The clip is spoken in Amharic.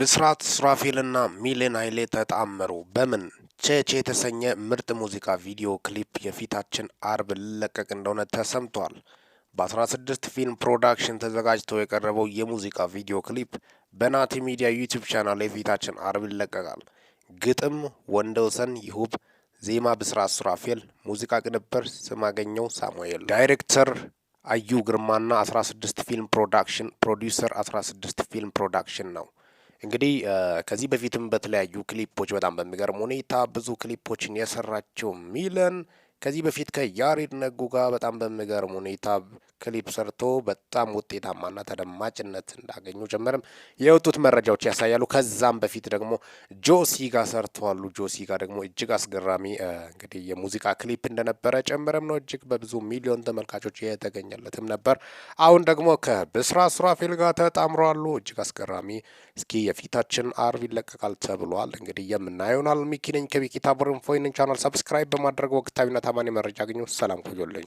ብስራት ሱራፌልና ሚሊን ኃይሌ ተጣመሩ። በምን ቼቼ የተሰኘ ምርጥ ሙዚቃ ቪዲዮ ክሊፕ የፊታችን አርብ ሊለቀቅ እንደሆነ ተሰምቷል። በ16 ፊልም ፕሮዳክሽን ተዘጋጅተው የቀረበው የሙዚቃ ቪዲዮ ክሊፕ በናቲ ሚዲያ ዩቲዩብ ቻናል የፊታችን አርብ ይለቀቃል። ግጥም ወንደውሰን ይሁብ፣ ዜማ ብስራት ሱራፌል፣ ሙዚቃ ቅንብር ስማገኘው ሳሙኤል፣ ዳይሬክተር አዩ ግርማና 16 ፊልም ፕሮዳክሽን፣ ፕሮዲውሰር 16 ፊልም ፕሮዳክሽን ነው። እንግዲህ ከዚህ በፊትም በተለያዩ ክሊፖች በጣም በሚገርም ሁኔታ ብዙ ክሊፖችን የሰራቸው ሚለን ከዚህ በፊት ከያሬድ ነጉ ጋር በጣም በሚገርም ሁኔታ ክሊፕ ሰርቶ በጣም ውጤታማና ተደማጭነት እንዳገኙ ጀመርም የወጡት መረጃዎች ያሳያሉ። ከዛም በፊት ደግሞ ጆሲ ጋር ሰርተዋሉ። ጆሲ ጋር ደግሞ እጅግ አስገራሚ እንግዲህ የሙዚቃ ክሊፕ እንደነበረ ጨምረም ነው እጅግ በብዙ ሚሊዮን ተመልካቾች የተገኘለትም ነበር። አሁን ደግሞ ከብስራ ሱራፌል ጋር ተጣምረዋሉ። እጅግ አስገራሚ እስኪ የፊታችን አርብ ይለቀቃል ተብሏል። እንግዲህ የምናየውናል። ሚኪ ነኝ ከቢቂታ ቡርንፎይንን ቻናል ሰብስክራይብ በማድረግ ወቅታዊነት ከአማኔ መረጃ አግኙ። ሰላም ቆዩልኝ።